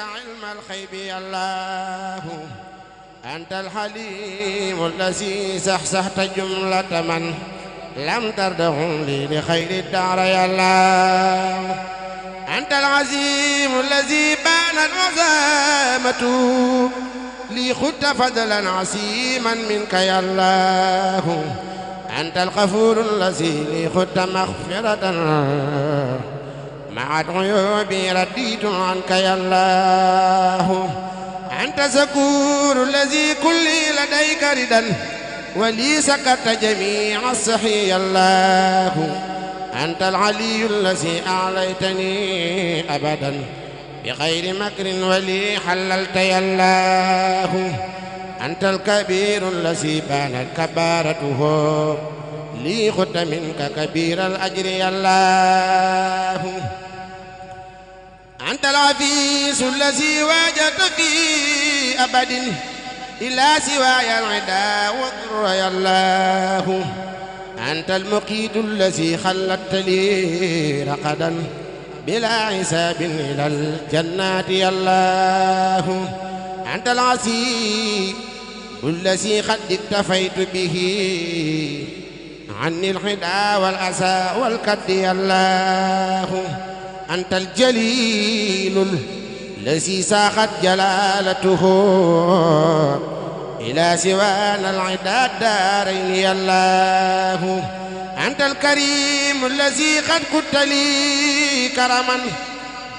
علم الخيب يا الله أنت الحليم الذي سحسحت جملة من لم تردهم لي لخير الدار يا الله أنت العزيم الذي بان العزامة لي خدت فضلا عسيما منك يا الله أنت الغفور الذي لي خدت مغفرة مع عيوبي رديت عنك يا الله أنت سكور الذي كلي لديك ردا ولي سكت جميع الصحي يا الله أنت العلي الذي أعليتني أبدا بغير مكر ولي حللت يا الله أنت الكبير الذي بانت كبارته لي خدت منك كبير الأجر يا الله أنت العفيس الذي واجهت في أبد إلا سواي العدا وضري الله أنت المقيت الذي خلدت لي رقدا بلا عساب إلى الجنات الله أنت العسيب الذي قد اكتفيت به عني الحدا والأسى والكد الله أنت الجليل الذي ساقت جلالته إلى سوانا العدا الدارين يا الله أنت الكريم الذي قد كنت لي كرما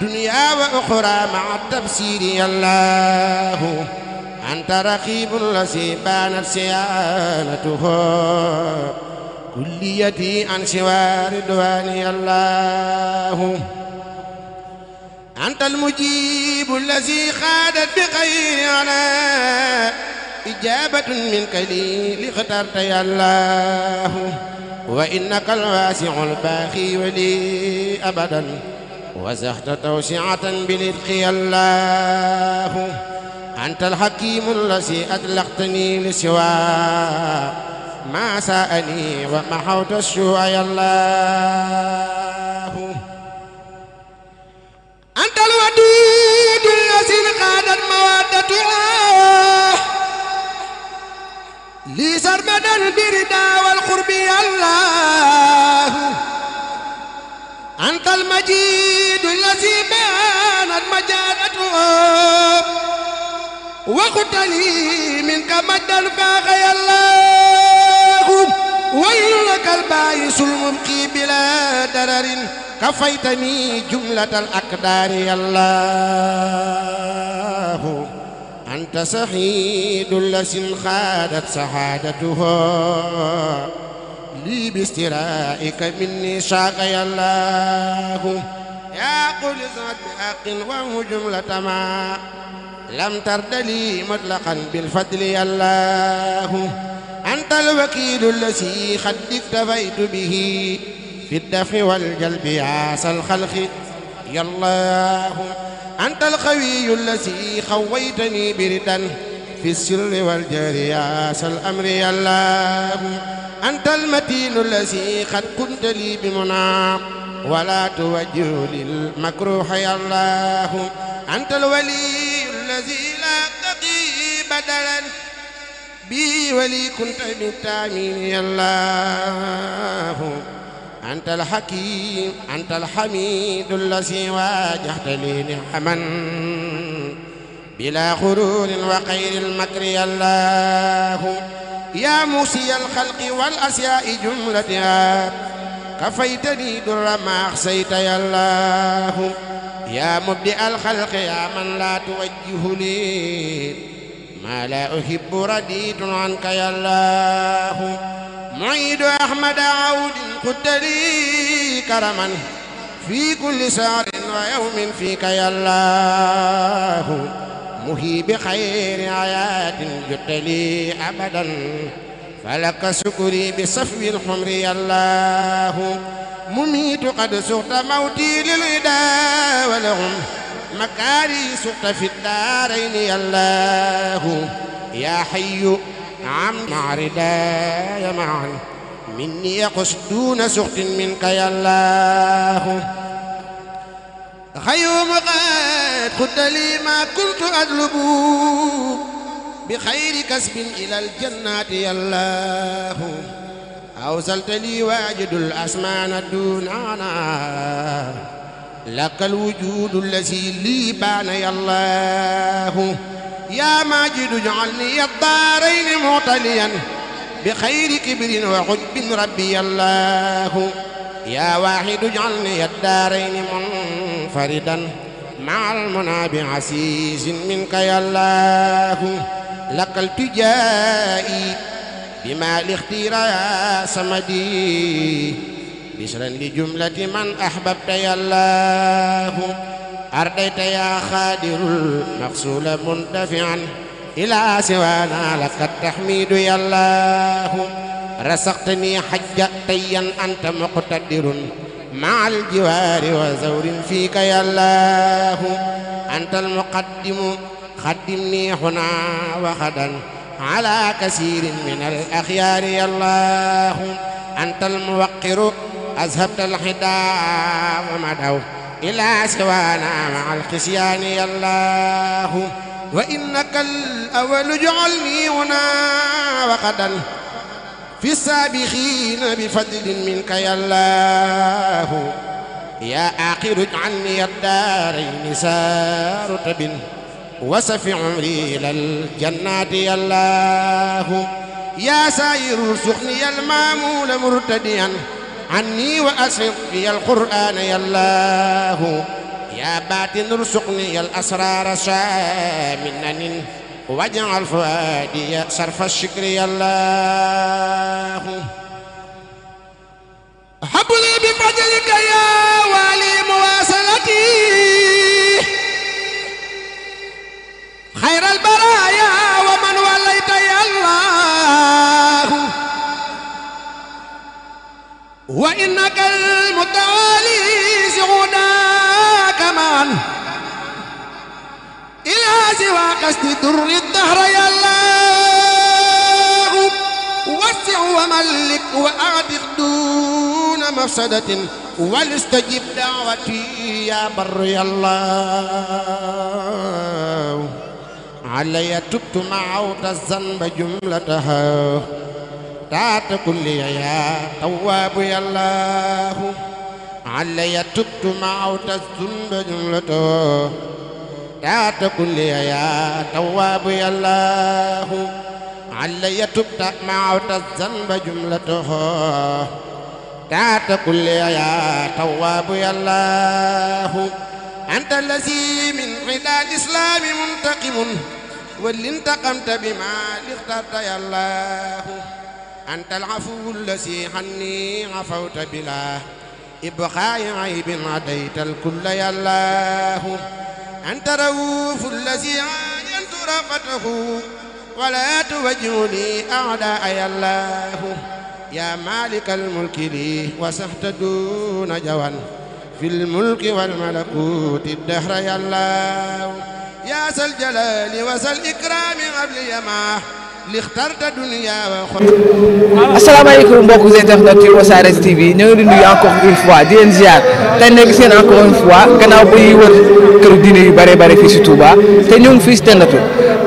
دنيا وأخرى مع التبصير يا الله أنت رقيب الذي بانت سيانته كليتي عن سوى رضواني الله أنت المجيب الذي خادت بغير عناء إجابة منك لي اخترت يا الله وإنك الواسع الباخي ولي أبدا وزحت توسعة بلدق يا الله أنت الحكيم الذي أدلقتني لسوى ما ساءني ومحوت السوء يا الله أنت الوديد الذي قادت مودتها لي سرمدا البردا والقرب الله أنت المجيد الذي بانت مجادته وقت لي منك مجدا فاغي الله ويلك البائس المبقي بلا درر كفيتني جملة الأقدار يا الله أنت سعيد الذي خادت سعادتها لي باسترائك مني شاق يا الله يا قل زاد بحق وهو جملة ما لم ترد لي مطلقا بالفضل يا الله أنت الوكيل الذي قد اكتفيت به في الدفع والجلب عاس الخلق يا الله أنت القوي الذي خويتني بردا في السر والجهر عاس الأمر يا الله أنت المتين الذي قد كنت لي بمنى ولا توجه للمكروه يا الله أنت الولي الذي لا تقي بدلا بي ولي كنت بالتامين يا الله أنت الحكيم أنت الحميد الذي واجهت لي نعما بلا غرور وخير المكر يا الله يا موسي الخلق والأسياء جملتها كفيتني در ما أحصيت يا الله يا مبدئ الخلق يا من لا توجه لي ما لا أحب رديت عنك يا الله معيد أحمد عود قد لي كرما في كل سعر ويوم فيك يا الله مهي بخير آيات جدت لي أبدا فلك شكري بصفو الحمر الله مميت قد سغت موتي للغدا ولهم مكاري سغت في الدارين الله يا حي عم عرداي معا مني يقص دون سخط منك يا الله غير مغاد خد لي ما كنت أطلبه bi xayri kasbin ilal jannaati yallaahu awsaltali waajidul asmaana dunaana lakkal wujuudu lasi lii baana yallaahu yaa maajidu ij'alni yaddaarayni mu'taliyan bi xayri kibrin wa ujbin rabbi yallaahu yaa waaxidu ij'alni yaddaarayni munfaridan ma'al munaa bi asiisin minka yallaahu لك التجائي بما لاختير يا صمدي بشرا لجملة من أحببت يا الله أرديت يا خادر المغسول منتفعا إلى سوانا لك التحميد يا الله رسقتني حجتيا أنت مقتدر مع الجوار وزور فيك يا الله أنت المقدم خدمني هنا وغدا على كثير من الأخيار يا الله أنت الموقر أذهبت الحدا ومدوا إلى سوانا مع الخسيان يا الله وإنك الأول جعلني هنا وغدا في السابقين بفضل منك يا الله يا آخر اجعلني الدارين سارة بن وسفع لي إلى الجنات يا الله يا سائر سخني المامول مرتديا عني وأسرق لي القرآن يا الله يا باتن ارزقني الأسرار شامنا واجعل فؤادي صرف الشكر يا الله هب لي بفضلك يا والي مواصلتي خير البرايا ومن وليت يا الله وإنك المتعالي سعوداك معا إلى سوى قصد در الدهر يا الله وسع وملك وأعتق دون مفسدة ولستجب دعوتي يا بر يا الله علي تبت مع الذنب جملتها تات كل يا تواب يا الله علي تبت مع الذنب جملتها تات كل يا تواب يا الله علي تبت مع الذنب جملتها تات كل يا تواب يا الله أنت الذي من غدا الإسلام منتقم ولن تقمت بما اخترت يا الله أنت العفو الذي عني عفوت بلا إبقاء عيب عديت الكل يا الله أنت رؤوف الذي عاينت رفته ولا توجهني أعداء يا الله يا مالك الملك لي وسحت دون جوان في الملك والملكوت الدهر يا الله yaa sal jalaali wa sal ikraami abli yamaa lixtarta dunya wa xol. asalaamaaleykum mbokk internautes yu Wassare TV ñoo ngi di nuyu encore une fois di leen ziar tey nag seen encore une fois gannaaw buy wër këru diine yu bëree bëri fii si Touba te ñu fii si tëndatu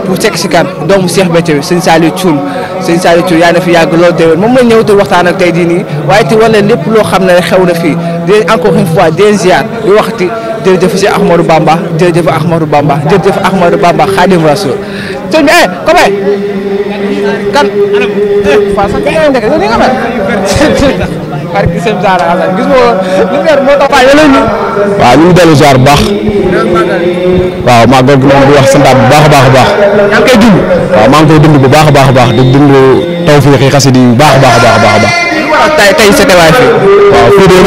pour sekk si kan doomu Cheikh Béthio sëñ Saliou Thioune sëñ Saliou Thioune yaa na fi yàgg loolu déwén moom la ñëw te waxtaan ak tey jii waaye te wane lépp loo xam ne xew na fii di leen encore une jërëjëf si Ahmadou Bamba jërëjëf jërëjëf Ahmadou Bamba Xaadim Rasul sëñ bi eh ko may ñu waaw dellu ziar bu baax waaw maa góor gi moom di wax santaat bu baax a baax a baax yaa ngi koy maa ngi koy dund bu baax a baax a baax di dund tawfiix bu baax baax a baax a baax a baax tey tey sa teewaay fii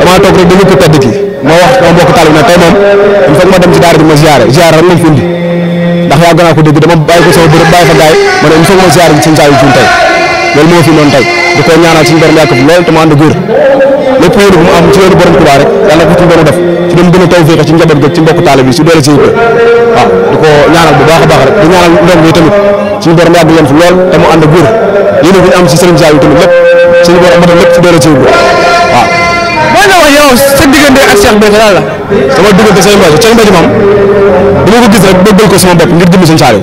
waaw fii moo wax sama mbokk talib na tey moom il ma dem ci daar bi ma ziare ziare rek lañ fi indi ndax yaa gën dama bàyyi ko sama bërëb bàyyi ma ne il faut que ma ziare sëñ Saliou Thioune fi noonu tey di ko ñaanal suñu borom yàgg fi loolu te mu ànd góor lépp yéen bu mu am ci yoonu borom Tuubaa rek yàlla ko ci gën a def ci dem gën a taw féexe ci njaboot gi ci mbokk talib yi si doole si yëpp waaw di ko ñaanal bu baax a baax rek di ñaanal ndong yi tamit suñu borom yàgg leen fi lool te mu ànd góor yéen bu ñu am si sëriñ si doole si yëpp lan la wax yow sa diggante ak Cheikh Béthio lan la. sama diggante Cheikh Béthio Cheikh Béthio moom dama ko gis rek bëggal ko sama bopp ngir jëmm sëñ Saliou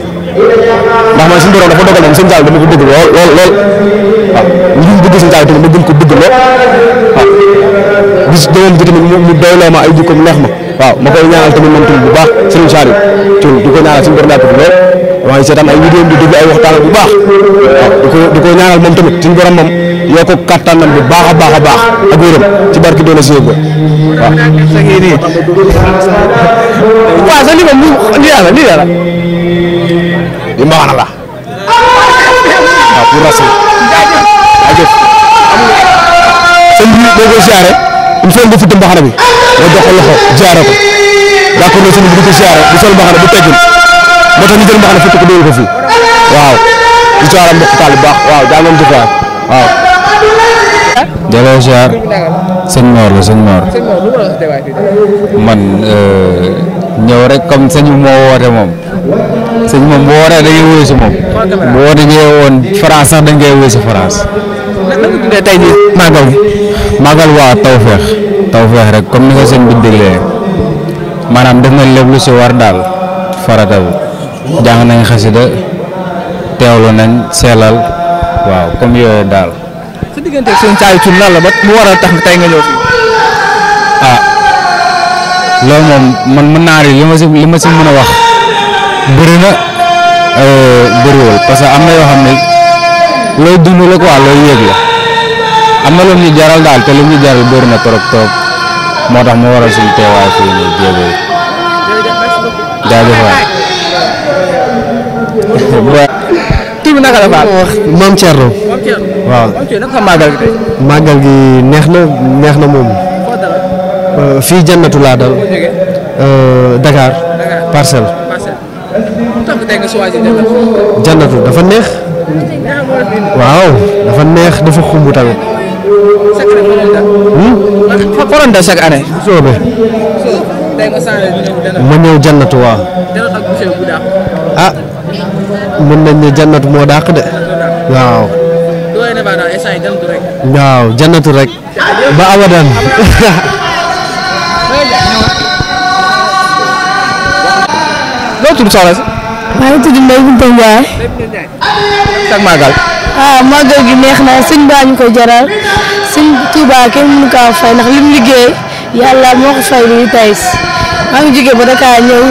ndax man suñu borom dafa dogal moom sëñ Saliou dama ko mu ah, bëgg sëñ ma gën ko bëgg lool waaw ah, gis doon bi tamit mu doyloo ma neex ma waaw ma koy ñaanal tamit moom tamit bu ba sëñ Saliou Thioune di ko ñaanal suñu borom daal lool di bu baax waaw ah, di ko di ko ñaanal moom tamit yokk ko kattanam bu baax a baax a baax a wéram ci barki doole si yëngu waaw. waaw sa la lii daal la. li ma wax la. waaw pour rassurer. jaajëf sëñ bi boo koy siyaare il ko loxo jaare ko d'accord na sëñ bi bu ko siyaare bu sol mbaxana bu teggul moo tax ñu jël mbaxana futt ko ko fii waaw. di soxla mbokk taal baax waaw jaa ngeen jëf waaw. delloo ziar sëñ Mor la sëñ Mor man euh, ñëw rek comme sëñ bi moo woote moom sëñ moom bu wootee da ngay si moom bu woote jee woon France dañ koy wuyu si France. tey tey jii màggal gi. rek comme ni ko sëñ bi diglee maanaam def na lépp lu si war daal farata bi jàng nañ xasida teewlu nañ seelal waaw comme yooyu daal. sa diggante ak seen caayu tur la ba mu war a tax tey nga ñëw fii. ah man mën naa li ma si li ma si mën a wax bëri na euh, bëriwul parce que am na yoo xam ne looy dund la quoi looy yéeg la am na lu ñu jaral daal te lu ñu jaral bëri na trop moo tax mu waral suñu teewaay fii nii jéego yi jaajëf waay. tur la baal. maam Thierno. waaw màggal gi neex na neex na moom. Euh, fii jannatu laa dal. Euh, Dakar. parcel jannatu dafa neex. waaw dafa neex dafa xumb tamit. Koronte hmm? chaque année. soobe. ma ñëw jannatu waaw. ah mën nañ ne jannatu moo dàq de waaw. waaw jannatu rek ba abadan loo tudd soxna si. maa ngi tudd Ndeye Binta Ndiaye. sag ah, gi neex na sëñ baa ko jaral sëñ Tuubaa kenn mënu kaa fay ndax liggéey yàlla moo ko fay lu maa ngi jógee ba Dakar ñëw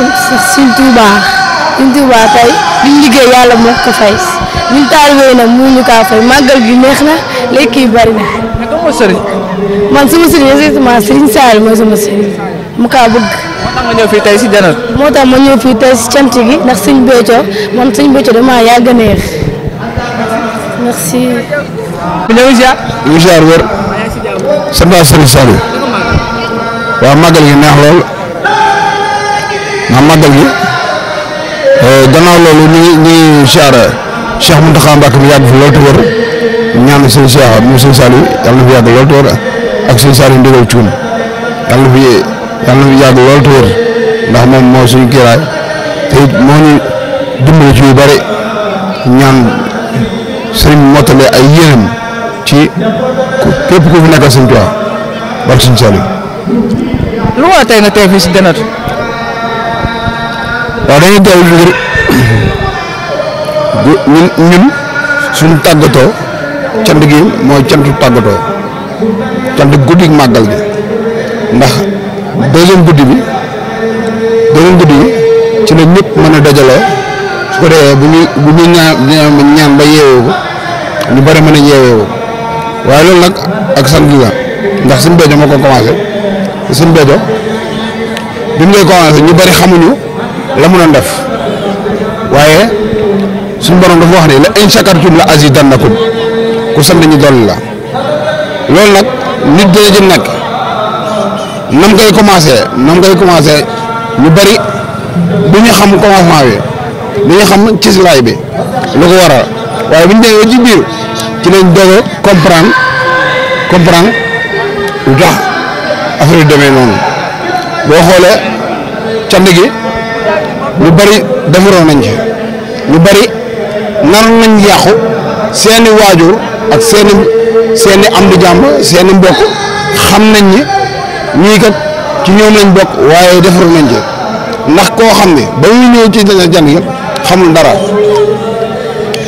sëñ Tuubaa Sëñ Tuuba tey li ñu liggéey yàlla fay ñun taalibe yi nag mënuñu kaa fay màggal gi neex na lekk yi bari man sama sëriñ exactement sëriñ Saal mooy sama sëriñ mu kaa bëgg. moo tax ma ñëw fii tey si janal. moo tax ma ñëw fii tey si cant gi ndax sëñ Béthio man sëñ neex merci. ñëw ziar. ñëw ziar wër. sant naa sëriñ Saal. waaw màggal gi neex lool. ndax màggal gi. gannaaw loolu ñu ngi ñu ngi siyaare Cheikh mu yàgg fi loolu te wër ñaan sëñ Cheikh moom sëñ Saliou yàlla na fi yàgg loolu te wër ak sëñ Saliou ndigal cuun yàlla na fi yàlla na fi wër ndax moom moo suñu kiiraay te moo ñu dimbali ci yu bari ñaan sëriñ mottale ay yéenam ci képp ku fi nekkal sëñ Tuubaa barke sëñ Saliou lu waa tey nga teew fii si Danatou waaw dañuy teew ngir bu ñun ñun suñu tàggatoo cant gi mooy cantu tàggatoo cant guddi màggal gi ndax deuxième guddi bi deuxième guddi bi ci la ñëpp mën a dajaloo su ko defee bu ñu bu ñu ñaan ba yeewee ko ñu bëri mën a yeewee ko waaye loolu nag ak sant gi la ndax suñu béjo moo ko commencé suñu béjo bi mu koy commencé ñu bëri xamuñu la mu doon def. waaye suñu borom dafa wax ne la in shakartum la asi azidannakum ku sant ñu dolli la loolu nag nit dina jëm nag nam ngay commencé nam ngay commencé ñu bari bu ñu xam commencement bi xam ci silaay bi lu ko waral waaye bu ñu ci biir ci lañ doog a comprendre comprendre demee noonu boo xoolee cant gi lu bari defaroon nañ ñu bari nar nañ yàqu seeni waajur ak seeni seeni am di jàmm seeni mbokk xam nañ ni ñii kat ci ñoom lañ bokk waaye defaru nañ ci ndax koo xam ne ba ñu ñëw ci jan gi xamul dara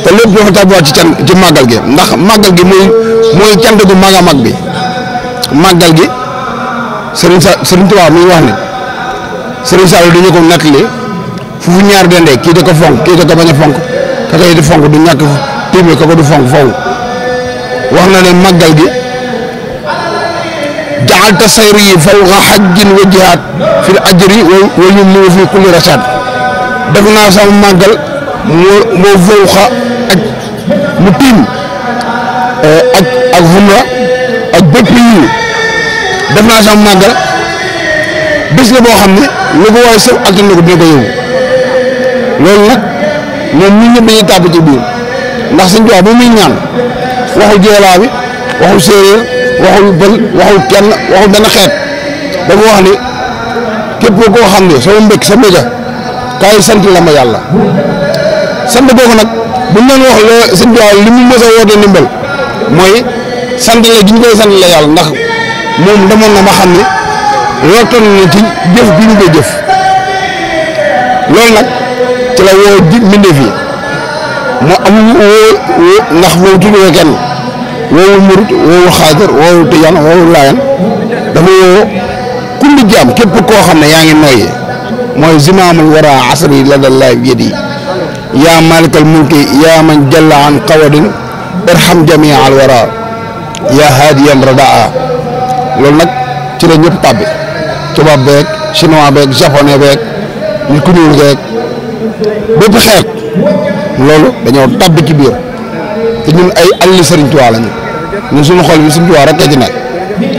te lépp dafa tabaat ci can ci màggal gi ndax màggal gi mooy mooy cant mag bi màggal gi sëriñ sa Serigne Touba mi wax ne Serigne Sall dañu ko nettali fu ñaar dendee kii da ko fonk kii da ko bañ a fonk ka koy di fonk du ñàkk tiime ka ko du fonk fonk wax na ne màggal gi jaxalta sayru yi fawqa xajjin wa jihaad fil ajri wa yumni wa fi kulli rasaad def naa sama màggal moo moo fawqa ak mu tiim eh, ak ak xumra ak bépp yi def naa sama màggal bés la boo xam ne lu ko waay sëf attan na ko dina loolu nag moom ñun ñëpp dañuy ci biir ndax suñ jox bu muy ñaan waxul joolaa bi waxul séeréer waxul bël waxul kenn waxul benn xeet dafa wax ni képp koo xam ne sama mbëkk sa méja kaay sant la ma yàlla sant boobu nag bu ñu wax la suñ jox mu mës mooy sant la gi ñu koy sant demoon na ma xam ne rootoon na ci loolu nag. ci la woo di mu am woo ndax woo tuddee woowu murit woowu xaajar woowu tijaan woowu laayan dafa woo kundi jaam képp koo xam ne yaa ngi nooyi mooy zimaamul wara asri la dal laay yaa malikal mulki yaa man jalla an qawadin irham jamia al wara yaa haadiyan radaa loolu nag ci la ñëpp tàbbi tubaab beeg chinois bépp xeet loolu dañoo tabb ci biir te ay alli Serigne Touba lañu ñun suñu xol bi Serigne Touba rek a ci nekk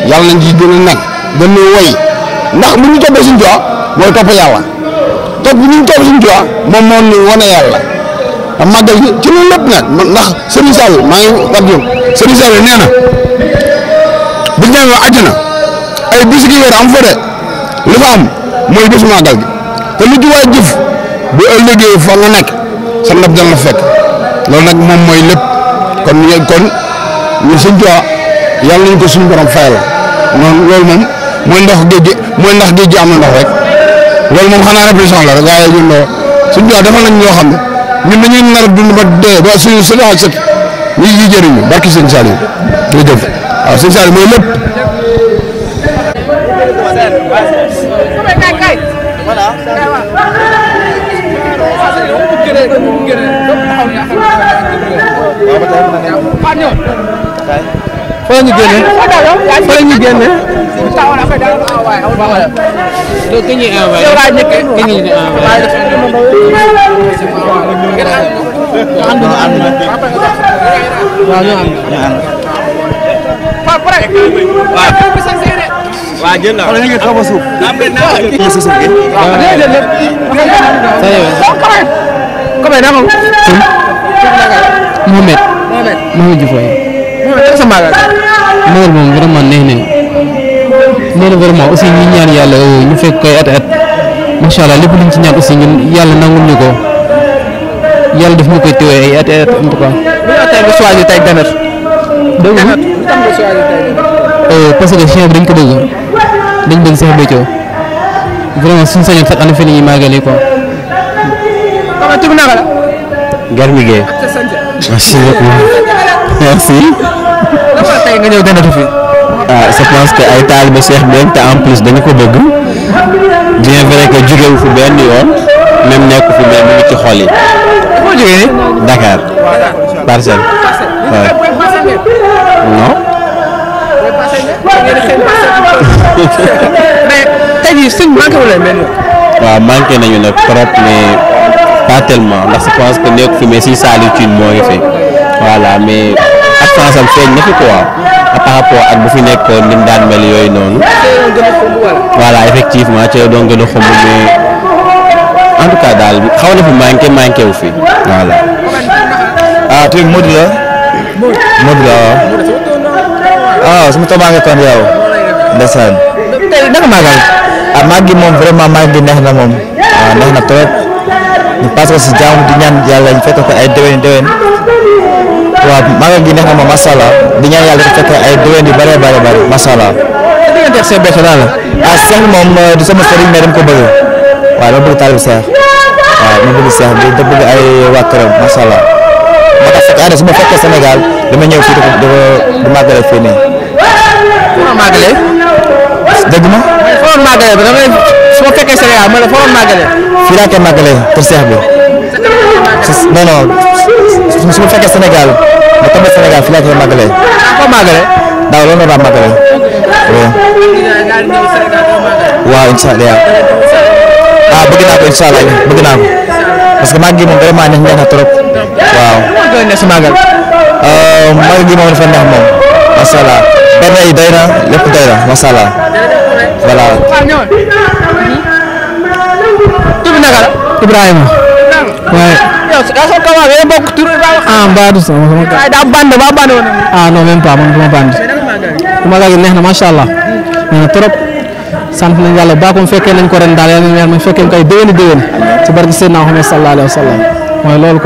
yàlla nañ ci gën a nekk gën a woy ndax bu ñu toppee Serigne Touba mooy topp yàlla topp bu ñu topp Serigne Touba moom moo ñu yàlla te màggal ci loolu lépp nag ndax Serigne Sall maa ngi wax yow Serigne Sall nee na bu ñu demee àjjana ay bis gi am fa de li fa am mooy bés màggal gi te lu ci waay bu ëllëgee fa nga nekk sa ndab dana la fekk loolu nag moom mooy lépp kon ñu kon ñu sëñ Tuubaa yàlla nañ ko suñu borom fayal noonu loolu moom mooy ndox géej gi mooy ndax géej gi am na ndox rek loolu moom xanaa répression la rek dafa nañ ñoo xam ne ñu dañuy nar dund ba dee ba suñu suñu xaj sëkk ñu yi jëriñu barki mooy lépp fa la ñu génne fa la ñu génne. donc ki ñuy envoyé ki ñuy envoyé. waaw ñoo ànd na. waaw ñoo ànd ñoo ànd. waaw. waaw jël naa. xoolal ñu ngi xaw a suuf. ko ɓe nango Mohamed Mohamed Diofaye mawr moom vraiment neex na nee na vraiment aussi ñu ñaan yàlla euh, ñu fekk koy at at macha allah lépp luñ ci ñaan aussi ñun yàlla nangul ñu ko yàlla daf ñu koy téwee ay at at en tout cas. nga choisir tey Demet. dégg nga euh, parce que chien bi dañ ko bëgg dañ bëgg Cheikh Béthio vraiment suñu sañoon sax année fii la ñuy màggalee quoi. Papa tur naka la. Garmi Gueye. Ah, merci beaucoup. merci. nga ñëw dana fi. ah je pense que ay taalibe Cheikh te en plus dañu ko bëgg. bien vrai que jógewu fi benn yoon. même nekku fi mais mu ngi ci xol yi. foo jógee nii. waaw manqué nañu nag trop mais pas tellement ndax je pense que nekk fi mais si Saliou moo ngi fi voilà mais absence am feeñ na fi quoi par rapport ak bu fi nekk ni mu daan mel yooyu noonu. voilà effectivement ci doon gën a xumb mais en tout cas daal xaw na fi manqué manqué wu fi voilà. ah tuuti Modou la. Modou la waaw. ah, ah su ma toog kon yow. ndeysaan. tey naka maa ngi. ah moom vraiment maa ngi neex na moom. waaw ah, neex na trop. ñu paas si jaamu di ñaan yàlla ñu fekk ko ay déwén déwén waaw magal gi neex na ma macha allah di ñaan yàlla ñu fekk ay déwén yu bëree bëri bëri macha allah. dina def seen béykat la ah Cheikh moom euh, du ko bëgg waaw dama bëgg taalib Cheikh waaw dama bëgg Cheikh bi da bëgg ay waa këram macha allah moo tax chaque année ah, ma fekkee Sénégal dama ñëw fii dafa dafa màggale fii nii. soo fekkee Sénégal ma ne foo doon màggalee. fii laa ma fekkee Sénégal ma tombé Sénégal fii laa koy màggalee. waaw incha ah, bëgg naa ko incha bëgg naa ko. parce que màgg gi moom vraiment neex neex na waaw. maa ngi si màggal. Euh, màgg gi moom dafa neex moom. na lépp doy na macha allah tur Ibrahima. waaye. yow si gàttal a bokk tur bi baax. ah Mbadou sama sama kaw. Ah, man duma band. dama la neex na macha allah. nee na trop. sant nañu yàlla bu baax fekkee nañ ko ren daal yàlla nañu yàlla fekkee kay déwén déwén. ci barke Seydina Muhammad sallallahu alayhi wa sallam mooy loolu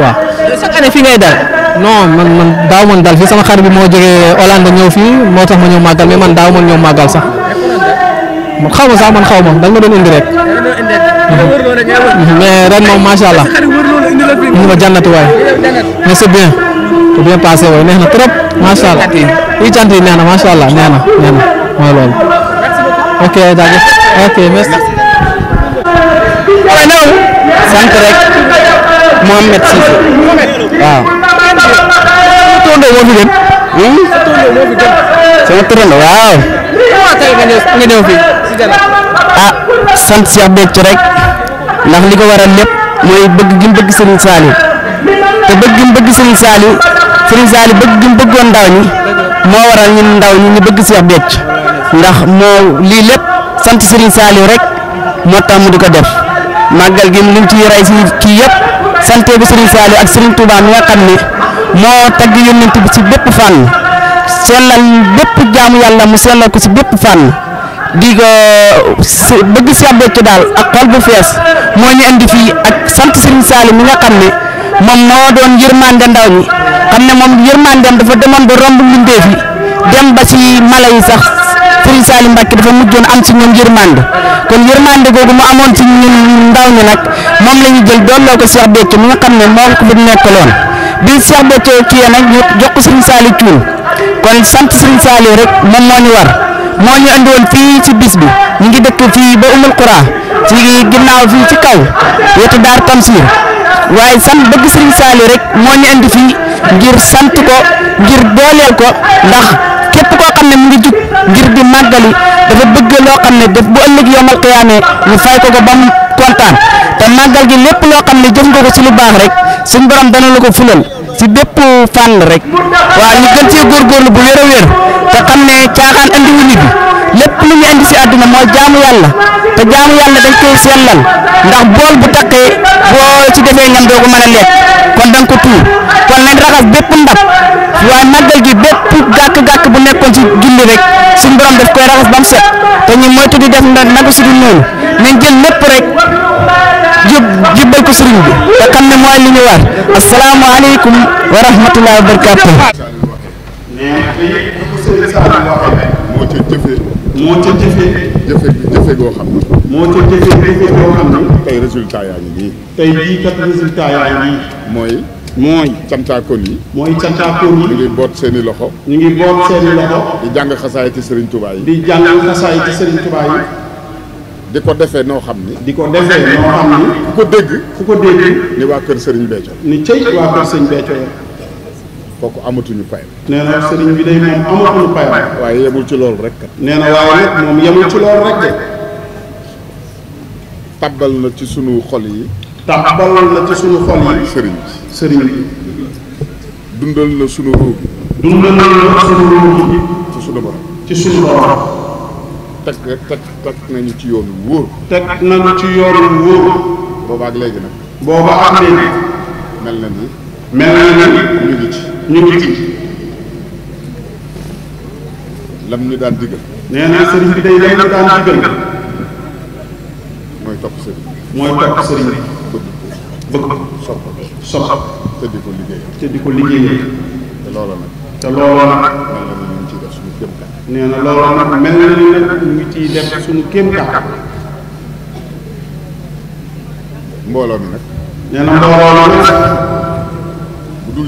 bi moo jógee Hollande ñëw fii moo tax ma ñëw màggal mais man daaw man ñëw màggal sax man xaw ma sax man xaw ma dañ ma doon indi mais ren moom macha allah ñu ma bien c'est bien passé waay neex na trop macha i cant yi neex na macha allah na neex na mooy loolu ok jaajëf ok merci. sant rek Mohamed Cissé waaw. tonton hmm? moo fi gën. sama tonton sant Cheikh Béthio rek ndax li ko waral lépp mooy bëgg gi mu bëgg Serigne Saliou te bëgg gi mu bëgg Serigne Saliou Serigne Saliou bëgg gi mu bëggoon ndaw ñi moo waral ngi ndaw ñi ñu bëgg Cheikh Béthio ndax moo lii lépp sant Serigne Saliou rek moo tax mu di ko def màggal gi li mu ci rey si kii yëpp sante bi Serigne Saliou ak Serigne Touba mi nga xam ne moo tagg yónnent bi si bépp fànn sellal bépp jaamu yàlla mu sellal ko ci bépp fànn. di ko su bëgg Cheikh Béthio daal ak xol bu fees moo ñu indi fii ak sant Serigne Saliou mi nga xam ne moom moo doon yërmande ndaw ñi xam ne moom yërmandeem dafa demoon ba romb mbindeef yi dem ba ci mala yi sax Serigne Saliou Mbacké dafa mujjoon am ci ñoom yërmande kon yërmande googu mu amoon ci ñun ndaw ñi nag moom la jël dolloo ko seex Béthio mi nga xam ne moom ko fi nekkaloon bi Cheikh Béthio kii nag ñu jox ko Serigne Saliou kon sant Serigne Saliou rek moom moo ñu war. moo ñu andi fii ci bis bi mu ngi dëkk fii ba Umul Qura ci ginnaaw fii ci kaw wetu daar Tamsir waaye sant bëgg Sëriñ Saliou rek moo ñu andi fii ngir sant ko ngir dooleel ko ndax képp koo xam ne mu ngi jug ngir di màggali dafa bëgg loo xam ne def bu ëllëg yomal qiyaamee ñu fay ko ko ba mu kontaan te màggal gi lépp loo xam ne jëf nga ko ci lu baax rek suñu borom dana la ko fulal ci bépp fànn rek waa ñu gën góor góorgóorlu bu wér te xam indi si àdduna mooy jaamu yàlla te jaamu yàlla dañ koy sellal ndax bool bu taqee boo ci defee ñam doo ko mën a lekk kon da nga ko tuur kon nañ raxas bépp ndab waaye màggal gi bépp gàkk-gàkk bu nekkoon ci julli rek suñu borom daf koy raxas ba mu set te ñu moytu di def naka su dul noonu nañ jël lépp rek jub jubbal ko sëriñ bi te ne mooy li ñu war asalaamaaleykum wa rahmatulah wa barakatuh moo ca jëfee. jëfe jëfe goo xam ne. moo ca jëfee jëfe goo xam ne. tey résultat yaa ngi nii. tey lii résultat yaa ngi mooy. mooy cantaakoon yi. mooy cantaakoon yi. ñu ngi boot seen loxo. ñu ngi boot seen i loxo. di jàng xasaay ci Serigne Touba yi. di jàng xasaay ci Serigne Touba yi. di ko defee noo xam ni. di ko defee noo xam ni. ku ko dégg. ku ko dégg. ni waa kër Serigne Béthio. ni cey waa kër Serigne Béthio kooku amatuñu payam nee na sëriñ bi day moom amatuñu payam waaye yemul ci loolu rek nee na waaye nag moom yemul ci loolu rek de ci sunu xol yi tàbbal na ci sunu xol yi sëriñ bi sëriñ bi dundal na sunu ruug dundal na ci sunu borom ci sunu borom teg teg teg nañu ci yoonu wóor teg nañu ci yoonu wóor booba ak léegi nag booba ak léegi mel na ni mel na nag ñu ngi ci ñu ngi ci lam ñu daan digal bi daan digal mooy topp sëriñ mooy topp sëriñ bëgg ko sopp sopp di ko liggéey te di ko liggéey te loola nag te loola nag na loolu nag mel na ni ñu ngi ciy def suñu kéemtaan. mbooloo nag. nee na mbooloo nag.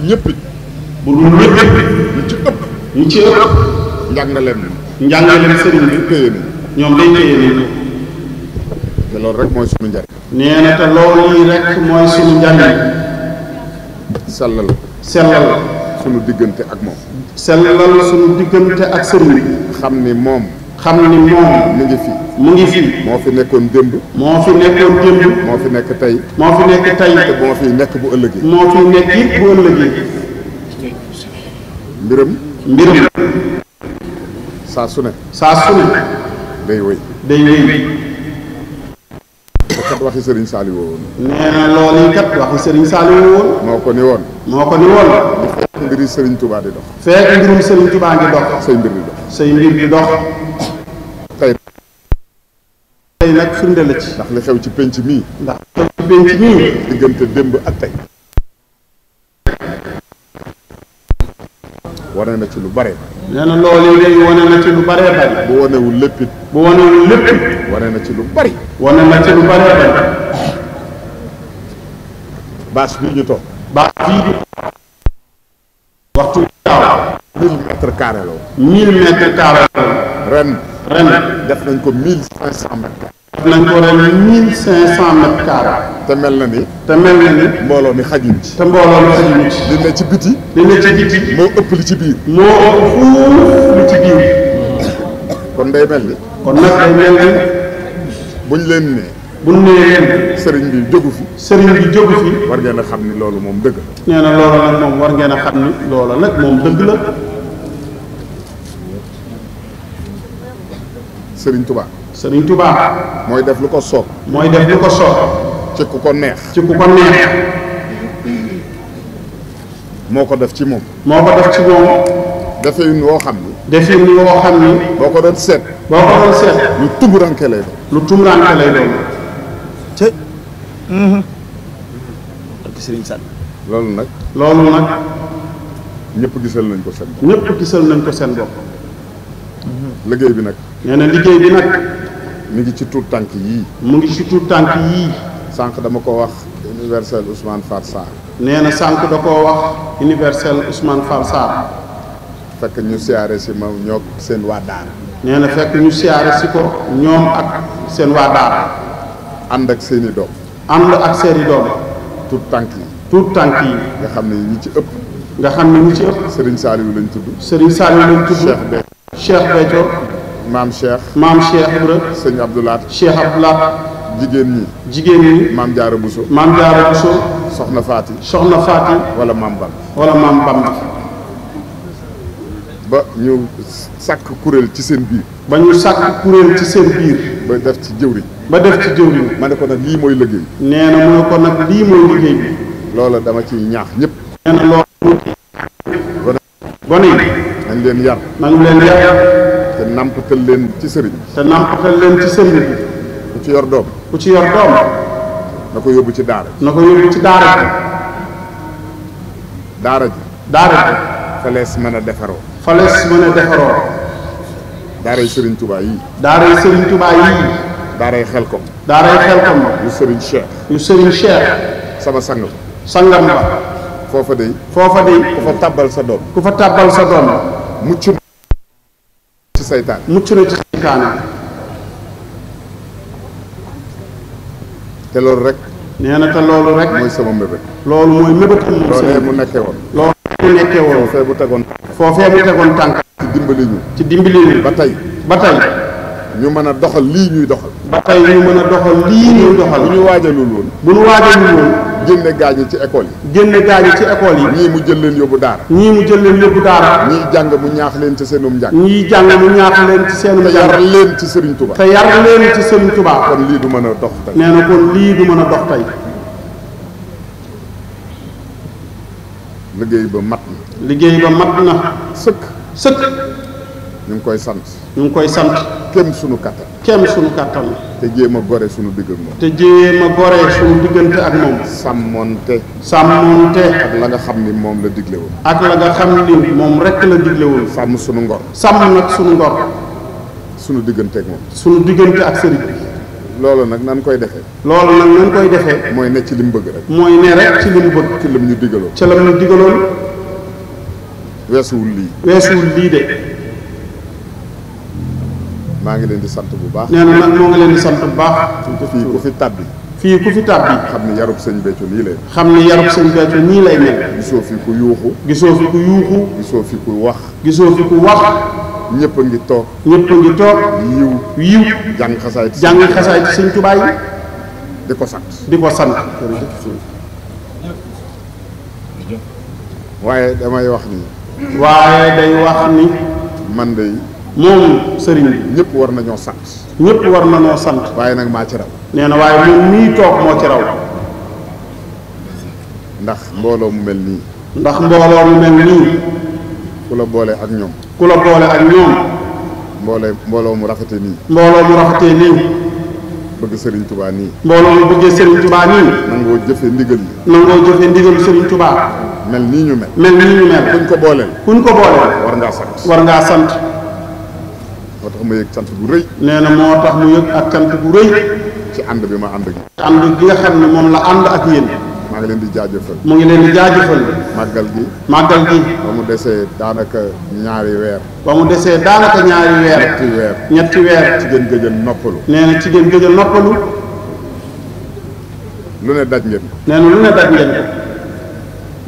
ñëpp bu dul ñëpp ñu ci ëpp. ñu ci ëpp. njàngaleem njàngaleem sëriñ bi téye na. ñoom day téye nañ te loolu rek mooy suñu njariñ. nee te loolu yi rek mooy suñu njariñ. sellal. sellal. suñu diggante ak moom. sellal suñu diggante ak sëriñ xam ni moom. xam ni moom. mu ngi fi. mu ngi fi. moo fi nekkoon démb. moo fi nekkoon démb. moo fi nekk tey. moo fi nekk tey. te bu ëllëgee. moo fi nekk it mbiram. mbiram. saa su ne. saa su ne. day wéy. day wéy. kat waxi Serigne Saliou woon. nee na loolu kat waxi Serigne Saliou woon. moo ko ni woon. moo ko ni woon. mbiri Serigne Touba di dox. fekk mbirum Serigne Touba di dox. say mbir di dox. tey nag firnde la ci. ndax li xew ci penc mii. ndax li xew ci penc mii. diggante démb ak tey. wane na ci lu bare. nee na loolu léegi wane na ci lu bare bari. bu wanewul lépp it. bu wane na ci lu bari. wane na ci lu bare bari. bâche bii ñu toog. bâche bii waxtu bi daaw. mille mètres carré la woon. mille ren. ren def nañ ko mille cinq cent def nañ ko ren mille cinq cent mètres carrés. te mel na ni. te mel na ni. mbooloo mi xajuñ ci. te mbooloo mi xajuñ ci. li ne ci biti. li ne ci biti. moo ëpp li ci biir. moo ëpp li ci biir. kon day mel ni. kon nag day mel ni. buñ leen nee. buñ nee leen. sëriñ bi jógu fi. sëriñ bi jógu fi. war ngeen a xam ni loolu moom dëgg la. nee na loola nag moom war ngeen a xam ni loola nag moom dëgg la. Serigne Touba. Serigne Touba. mooy def lu ko soob. mooy def lu ko soob. ci ku ko neex. ci ku ko neex. moo ko def ci moom. moo ko def ci moom. defin woo xam ni. defin woo xam ni. boo ko doon seet. boo ko doon seet. lu tumuranke lay doon. lu tumuranke lay doon. cëj. Mhm. ak loolu nag. loolu nag. gisal nañ ko seen bopp. ñëpp gisal nañ ko seen bopp. liggéey bi nag. nee liggéey bi nag. mu ngi ci tuut tànk yii. mu ngi ci tuut tànk yii. sànq dama ko wax universel Ousmane Fall Sarr. nee na sànq da koo wax universel Ousmane Fall Sarr. fekk ñu siyaare si ma ñoo seen waa daara. na fekk ñu siyaare si ko ñoom ak seen waa ànd ak seen i doom. ànd ak seen i doom. tuut tànk yi. tuut tànk yi. nga xam ne ñi ci ëpp. nga xam ne ñi ci ëpp. Serigne Saliou lañ tudd. Serigne Saliou lañ tudd Cheikh Cheikh Béthio maam Cheikh maam Cheikh Ibra sëñ Abdoulaat Cheikh Abdoulaat jigéen ñi jigéen ñi maam Jaara Buso maam Jaara Buso soxna Faati soxna Faati wala maam Bam wala maam Bam ba ñu sàkk kuréel ci seen biir ba ñu sàkk kuréel ci seen biir ba def ci jëwriñ ba def ci jëwriñ ma ne ko nag lii mooy liggéey nee na mu ne ko nag lii mooy liggéey bi loola dama ci ñaax ñëpp nee na loolu gone yi nañ leen yar nañ leen yar te nàmpatal leen ci sëriñ te nàmpatal leen ci sëriñ ku ci yor doom ku ci yor doom na ko yóbbu ci daara na ko yóbbu ci daara ji daara ji falees mën a defaroo falees mën a defaroo daaray sëriñ tubaa yii daaray sëriñ tubaa yii daaray xelkom daaray xelkom yu sëriñ cheikh yu sëriñ cheikh sama sang ba sangam ba foofa dey foofa dey ku fa tàbbal sa doom ku fa tàbbal sa doom mucc na ci saytaan mucc na ci saytaane te loolu rek nee na te loolu rek mooy sama mébét loolu mooy mébétam moom loolee mu nekkee woon loolu mu nekkee woon foofee bu tegoon foofee mu tegoon tànk ci dimbali ñu ci dimbali ñu ba tey ba tey ñu mën a doxal lii ñuy doxal ba tey ñu mën a doxal lii ñuy doxal bu ñu waajalul woon bu ñu waajalul woon génne gaañi ci école yi génne gaañi ci école yi ñii mu jël leen yóbbu daara ñii mu jël leen yóbbu daara ñii jàng mu ñaax leen ci seenum njàng ñii jàng mu ñaax leen ci seenum njàng te yar leen ci Serigne Touba te yar leen ci Serigne Touba kon lii du mën a dox tey nee na kon lii du mën a dox tey liggéey ba mat na liggéey ba mat na sëkk sëkk ñu ngi koy sant. ñu ngi koy sant. kem sunu kattan. kem sunu kattan. te jéem a gore sunu diggante moom. te jéem a gore sunu diggante ak moom. sàmmonte. sàmmonte. ak la nga xam ni moom la digle woon. ak la nga xam ni moom rek la digle woon. sàmm sunu ngor. sàmm nag sunu ngor. sunu diggante ak moom. sunu diggante ak sëriñ loolu nag nan koy defee. loolu nag nan koy defee. mooy ne ci li mu bëgg rek. mooy ne rek ci li mu bëgg. ci lam ñu digaloon. ca lam ñu digaloon. weesuwul lii. weesuwul lii maa ngi leen di sant bu baax. nee na nag moo ngi leen di sant bu baax. fii ku fi tàbbi. fii ku fi tàbbi. xam ne yarub sëñ Béthio nii lay. xam ne yarub sëñ Béthio nii lay mel. gisoo fi ku yuuxu. gisoo fi ku wax. gisoo fi ku wax. ñëpp a ngi toog. ñëpp a ngi toog. yiw yiw. jàng xasaay ci jàng xasaay di ko sant. di ko sant. waaye damay wax ni. waaye day wax ni. man de. moom sëriñ bi ñëpp war nañoo sant ñëpp war nañoo sant waaye nag maa ci raw nee na waaye moom mii toog moo ci raw ndax mbooloo mu mel nii ndax mbooloo mu mel nii ku la boole ak ñoom ku la boole ak ñoom mboole mbooloo mu rafetee nii mbooloo mu rafetee nii bëgg sëriñ tubaa nii mbooloo mu bëggee sëriñ tubaa nii nangoo jëfe ndigal yi nangoo jëfe ndigal sëriñ tubaa mel nii ñu mel mel nii ñu mel kuñ ko booleel kuñ ko booleel war ngaa sant war ngaa sant moo tax mu yëg sant bu rëy. nee na moo tax mu yëg ak cant bu rëy. ci ànd bi ma ànd ak yéen. ànd gi nga xam ne moom la ànd ak yéen. maa ngi leen di jaajëfal. mu ngi leen di jaajëfal. màggal gi. màggal gi. ba mu desee daanaka ñaari weer. ba mu desee daanaka ñaari weer. ñetti weer ñetti weer. ci gën gëjël noppalu. nee ci gën gëjël noppalu. lu ne daj ngeen. nee lu ne daj ngeen.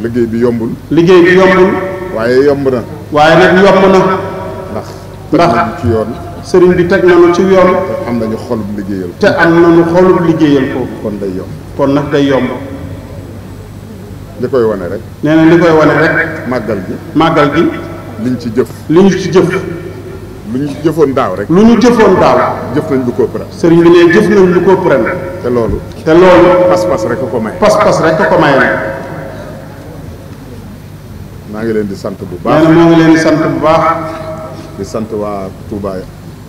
liggéey bi yombul. liggéey bi yombul. waaye yomb na. waaye nag yomb na. ndax ci yoon sëriñ bi teg nañu ci yoon am nañu xolub liggéeyal te am nañu xolub liggéeyal ko kon day yomb kon nag day yomb li koy wane rek nee na li koy wane rek màggal gi màggal gi liñ ci jëf liñ ci jëf lu ñu jëfoon daaw rek lu ñu jëfoon daaw jëf nañ lu ko pren sëriñ bi ne jëf nañ lu ko pren te loolu te loolu pas-pas rek a ko may pas-pas rek a ko may nag maa ngi leen di sant bu baax nee na ngi leen di sant bu baax di sant waa Touba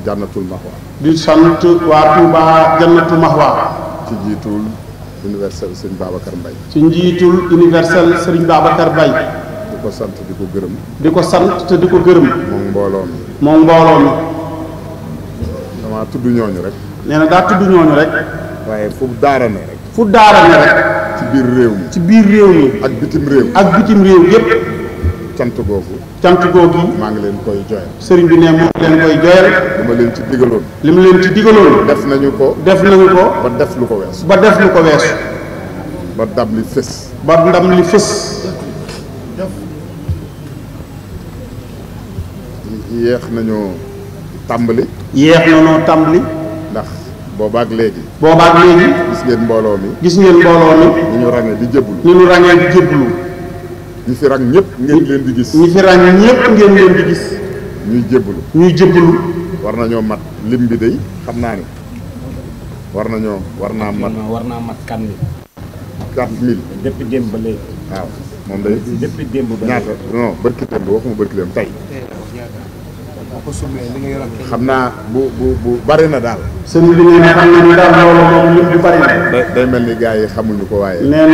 Jannatul Mahwa. di sant waa Touba Jannatul Mahwa. ci njiitul universel Serigne Babacar Mbaye. ci njiitul universel di ko sant di ko gërëm. di ko sant te di ko gërëm. moom mbooloo mi. moom mbooloo mi. tudd ñooñu rek. nee na daa tudd ñooñu rek. waaye fu daara ne rek. fu daara ne rek. ci biir réew mi. ci biir réew mi. ak bitim réew. ak bitim réew yépp cant googu cant googu maa ngi leen koy jooyal sëriñ bi ne maa leen koy jooyal li ma leen ci digaloon li ma leen ci digaloon def nañu ko def nañu ko ba def lu ko weesu ba def lu ko weesu ba ndam li fës ba ndam li fës yéex nañoo tàmbali yéex nañoo tàmbali ndax boobaak léegi boobaak léegi gis ngeen mbooloo mi gis ngeen mbooloo mi ni ñu ràññee di jëblu ni ñu ràññee di jëblu ñi fi rang ñëpp ngeen leen di gis. ñi fi rang ñëpp ngeen leen di gis. ñuy jébbalu ñuy jébbalu. war nañoo mat lim bi day xam naa ne war nañoo war naa mat war mat kan waaw moom day. depuis démb ba léegi ñaata waxuma barki démb tey. xam naa bu bu bari na daal. seen li ngeen xam ne daal moom lim bi bari na. day mel ni gars yi xamuñu ko waaye. nee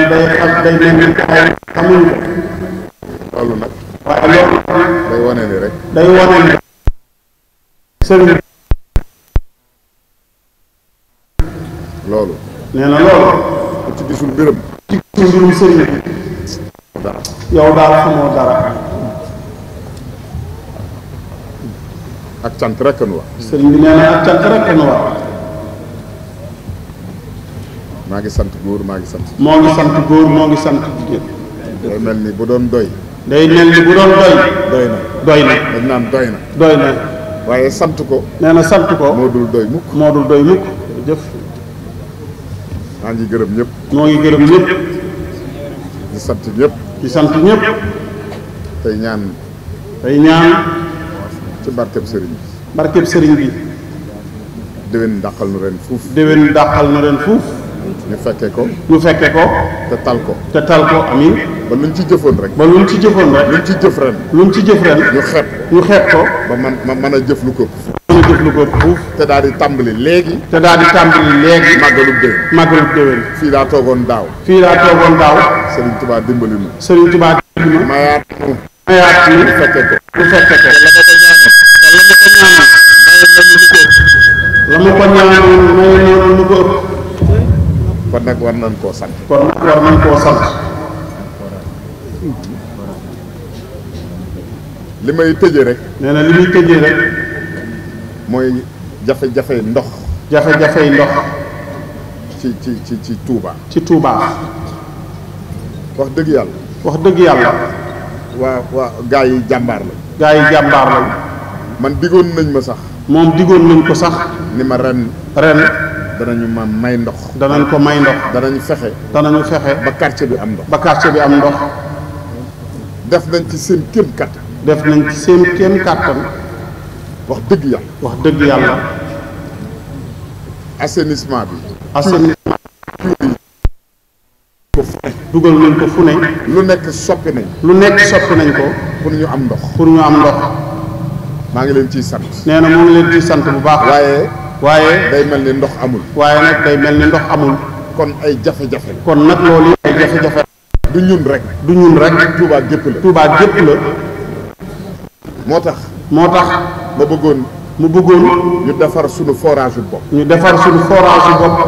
loolu nag. waaye loolu. day wane ni nee na loolu. ci gisul mbiram. yow daal xamoo dara. ak cant rek nu wax. sëriñ bi nee na ak cant rek nu wax. maa ngi sant góor maa ngi sant. moo ngi sant góor moo ngi sant jigéen. day mel ni bu doon doy. day mel ni bu doon doy. doy na doy na dañ naan doy na. doy na waaye sant ko. nee na sant ko moo dul doy mukk. moo dul doy mukk jëf. maa ngi gërëm ñépp moo ngi gërëm ñëpp. di sant ñëpp. di sant ñëpp. tey ñaan. tey ñaan. ci barkeb sëriñ bi. barkeb sëriñ bi. déwén dàqal nu ren fuuf. déwén dàqal nu ren fuuf. ñu fekke ko. ñu fekke ko. te tal ko. te tal ko amiin. ba luñ ci jëfoon rek. ba luñ ci jëfoon rek. luñ ci jëf ren. ci jëf ren. ñu xeeb ñu xeeb ko. ba man ma mën a jëf lu ko. mën a jëf lu ko fuuf. te daal di tàmbali léegi. te daal di tàmbali léegi. màggalub déwén. màggalub fii daa toogoon daaw. fii daa toogoon daaw. Serigne Touba dimbali nu. Serigne Touba dimbali nu. mayaat nu. mayaat nu. bu fekkee ko. bu ko. la ma ko ñaanoon. la ma ko ñaanoon. la ma ko ñaanoon may lu ko ëpp. kon nag war nañ koo sant. kon nag war nañ koo sant. li may tëje rek. nee na li muy tëjee rek. mooy jafe-jafe ndox. jafe jafey ndox. ci ci ci ci Touba. ci tuubaa wax dëgg yàlla. wax dëgg yàlla. waa waa gaa yi jàmbaar la gaa yi jàmbaar la man diggoon nañ ma sax. moom diggoon nañ ko sax. ni ma ren. ren. danañu ma may ndox. danañ ko may ndox. danañ fexe. danañu fexe. ba quartier bi am ndox. ba quartier bi am ndox. def nañ ci seen kéem kattan. def nañ ci seen kéem kàttan wax dëgg yàlla wax dëgg yàlla assainissement bi assainissement ko fu dugal nañ ko fu ne lu nekk soppi nañ lu nekk soppi nañ ko pour ñu am ndox pour ñu am ndox maa ngi leen ciy sant nee na moo ngi leen ciy sant bu baax waaye waaye day mel ni ndox amul waaye nag day mel ni ndox amul kon ay jafe-jafe kon nag loolu ay jafe-jafe du ñun rek du ñun rek tuubaat gépp la Touba gépp la moo tax moo tax ma bëggoon mu bëggoon ñu defar suñu forage bopp ñu defar suñu forage bopp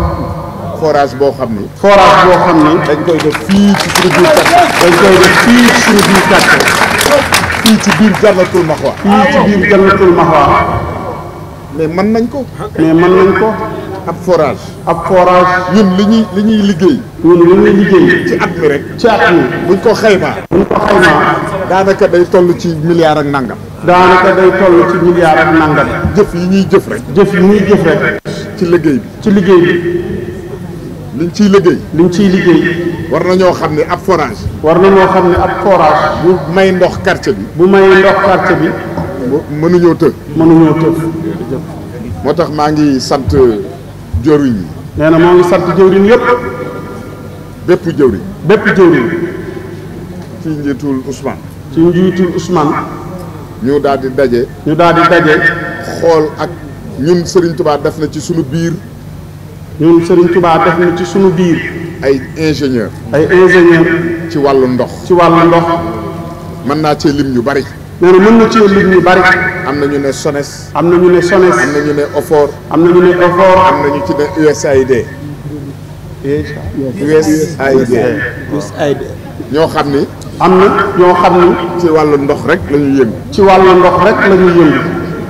forage boo xam ni forage boo xam ni dañ koy def fii ci suñu biir quartier fii ci suñu biir quartier fii ci biir Jannatul Mahwa fii ci biir Jannatul Mahwa mais mën nañ ko mais mën nañ ko ab forage. ab forage ñun li ñuy li ñuy liggéey. ñun li ñuy liggéey. ci at mi rek. ci at mi buñ ko xaymaa. buñ ko xaymaa. daanaka day toll ci milliard ak nangam. daanaka day toll ci milliard ak nangam. jëf yi ñuy jëf rek. jëf yi ñuy jëf rek. ci liggéey bi. ci liggéey bi. liñ ciy liggéey. liñ ciy liggéey. war nañoo xam ne ab forage. war na ñoo xam ne ab forage. bu may ndox quartier bi. bu may ndox quartier bi. mënuñoo të. mënuñoo të. moo tax maa ngi sant. jëwriñ yi nee na moo ngi sant jëwriñ yëpp bépp jëwriñ bépp jëwriñ ci njiitul Ousmane ci njiitul Ousmane ñu daal di daje ñu daal di daje xool ak ñun sëriñ tubaa def na ci sunu biir ñun Serigne tubaa def na ci sunu biir ay ingénieur ay ingénieur ci wàllu ndox ci wàllu ndox mën naa cee lim yu bari nee mën na ci lim ñu bari. am na ñu ne SONES. am na ñu ne SONES. am na ñu ne OFOR. am na ñu ne OFOR. am na ñu ci ne USAID. USAID ñoo xam ni. am na ñoo xam ni. ci wàll ndox rek la ñuy ci wàll ndox rek la ñuy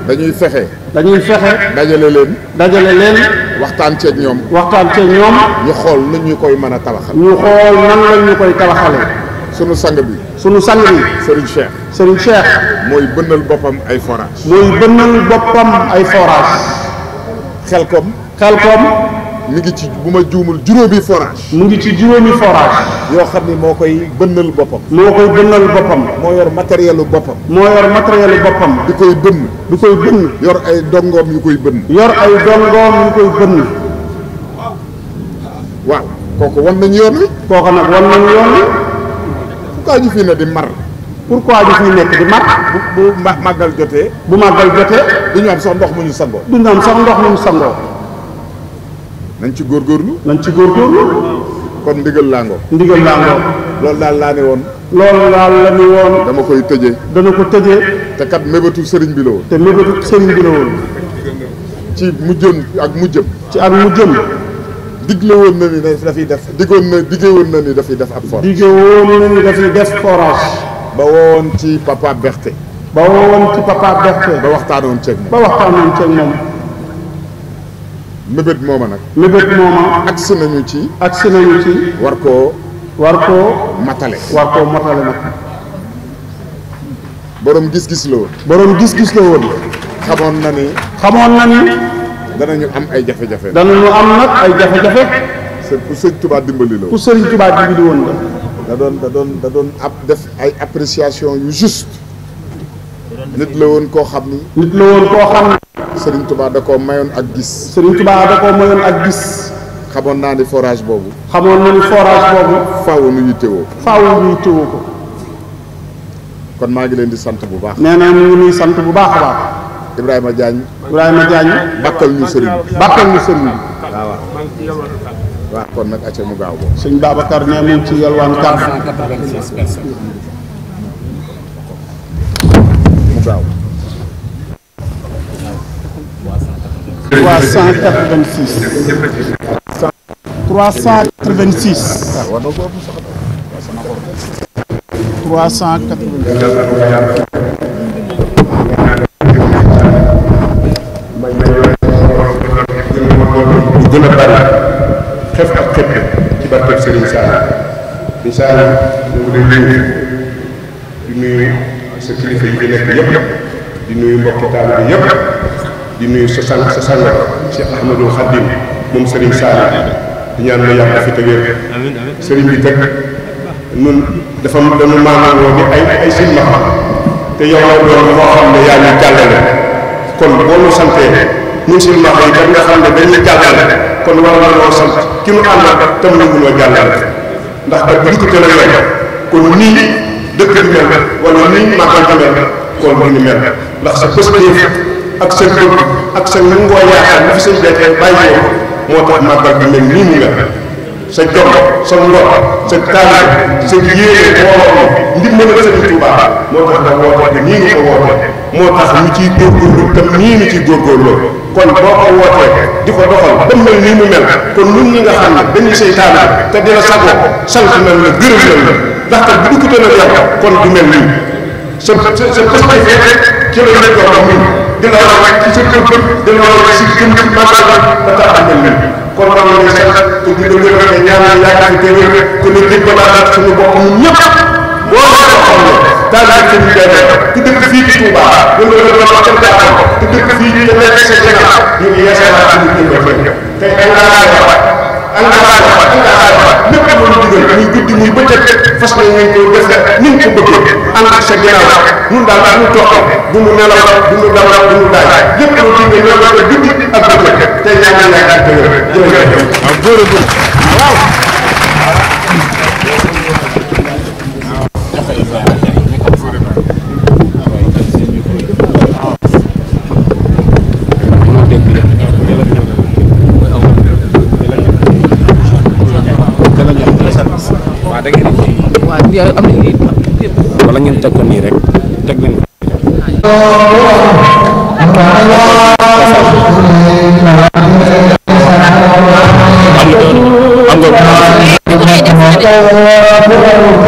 dañuy fexe. dañuy fexe. dajale leen. dajale leen. waxtaan ceeg ñoom. waxtaan ceeg ñoom. ñu xool nañ ñu koy mën a tabaxal. ñu xool nan la koy tabaxalee. sunu sang bi. sunu sang bi Serigne Cheikh mooy bënnal boppam ay forage mooy bënnal boppam ay forage xel kom xel ngi ci bu ma juumul juróomi forage mu ngi ci juróomi forage yoo xam ne moo koy bënnal boppam moo koy bënnal boppam moo yor matériel boppam moo yor matériel boppam di koy bënn di koy bënn yor ay dongoom yu koy bënn yor ay dongoom yu koy bënn waaw kooku wan nañu yoon wi kooku nag wan nañu yoon wi pourquoi ñu fi ne di mar. pourquoi ñu fi nekk di mar. bu bu màggal jotee. bu màggal jotee. du ñu am sax ndox mu ñu sangoo. du ñu am sax ndox mu ñu sangoo. nañ ci góorgóorlu. nañ ci góor góorgóorlu. kon ndigal laangoo. ndigal laangoo. loolu daal laa ne woon. loolu daal la ne woon. dama koy tëjee. dana ko tëjee. te kat mébétu sëriñ bi la woon. te mébétu sëriñ bi la woon. ci mujjoon ak mujjëm. ci ak mujjëm. digle woon na ni dafiy def diggoon na diggee woon na ni dafiy def ab forage. diggee woon na ni dafiy def forage. ba woon ci papa Berté. ba woon ci papa Berté. ba waxtaanoon ceeg moom ba mooma nag. mébét mooma. agsi nañu ci. agsi nañu ci. war koo. war koo matale. war koo matale nag. borom gis-gis la woon. borom gis-gis la woon. xamoon na ni. xamoon na ni. danañu am ay jafe-jafe. danañu am nag ay jafe-jafe. ku sëriñ Tuubaa dimbali la ku sëriñ Tuubaa dimbali woon la. da doon da doon ab def ay appréciation yu juste. nit la woon koo xam ni. nit la woon koo xam ni. sëriñ Tuubaa da koo mayoon ak gis. sëriñ Tuubaa da koo mayoon ak gis. xamoon naa ni forage boobu. xamoon na ni forage boobu. faaw nu yittewoo. faaw nu yittewoo ko. kon maa ngi leen di sant bu baax. nee naa ñu ngi sant bu baax a baax. Ibrahima Diagne. Ibrahima Diagne. bàkkal ñu sëriñ bi bàkkal ñu sëriñ bi waaw waaw. waaw kon nag acca mu gaaw boobu. sëriñ Saalum sëriñ Saalum ñoo ngi di nuyu sa kilifa yi fi nekk yëpp di nuyu mbokki taalibe bi yëpp di nuyu sa sang sa sang Cheikh Ahmadou moom sëriñ Saalum di ñaan la yàgg fi tëgee sëriñ bi teg nun dafa dañu maanaam woo di ay ay te yow la doon moo xam ne yaa jàllale kon boo ñu santee ñun silma yi kat xam ne dañuy jàllale kon war na loo sant ki nu ànd ak tam nanguloo jàllale ndax ak bu ñu ko tëral yoon kon nii dëkk bi mel wala nii maakaanta mel kon bu ñu mel ndax sa pëstéef ak sa bëgg ak sa nangoo yaakaar li fi seen béykat bàyyi moo tax màggal bi mel nii mu mel. sa jom sa ngor sa taalibe sa yéene moo wax ni ndimbalal Sëriñ Tuubaa moo tax nga woote nii nga ko woote moo tax ñu ciy góorgóorlu te nii kon boo ko wootee di ko doxal ba mel nii mu mel kon ñun ñi nga xam ne dañuy seytaane te dina sagoo sant nañ la gërëm nañ la ndaxte bu duggutoon ak yow kon du mel nii sa sa sa pëstay fee ci la nekk wax ak ñun di la wax ci sa kër di la wax ci kër ci màggal ba mel nii kon dama ne sax te di ko gërëm ne ñaanal yaakaar te wér te ne dañ ko laalaat suñu bopp ñun ñëpp boo ko xam ne daal di seen fii ci Touba loolu la doon wax tam jaaxal te dëkk fii ci lekk sa jëlaat ñu yeesalaat suñu jëmbat engagement engagement lépp lu ñu digal muy guddi muy bëccëg fas nañ leen mu def ni ñu ko bëggee ànd ak sa ginnaaw ñun daal daal ñu toog du ñu nelaw du ñu dawal du ñu daaj lépp lu ñu digal guddi ak bëccëg tey da ngeen di ji. am nañu wala ngeen teg ko nii rek teg leen ko.